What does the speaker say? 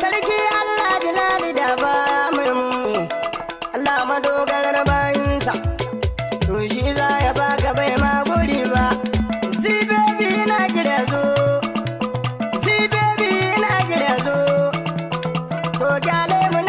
Sarki Allah jilali da ba Allah madogarar bayinsa, to shi za ya baka bai ma guri ba. si baby na gida zo, baby na gida zo, to kyale mu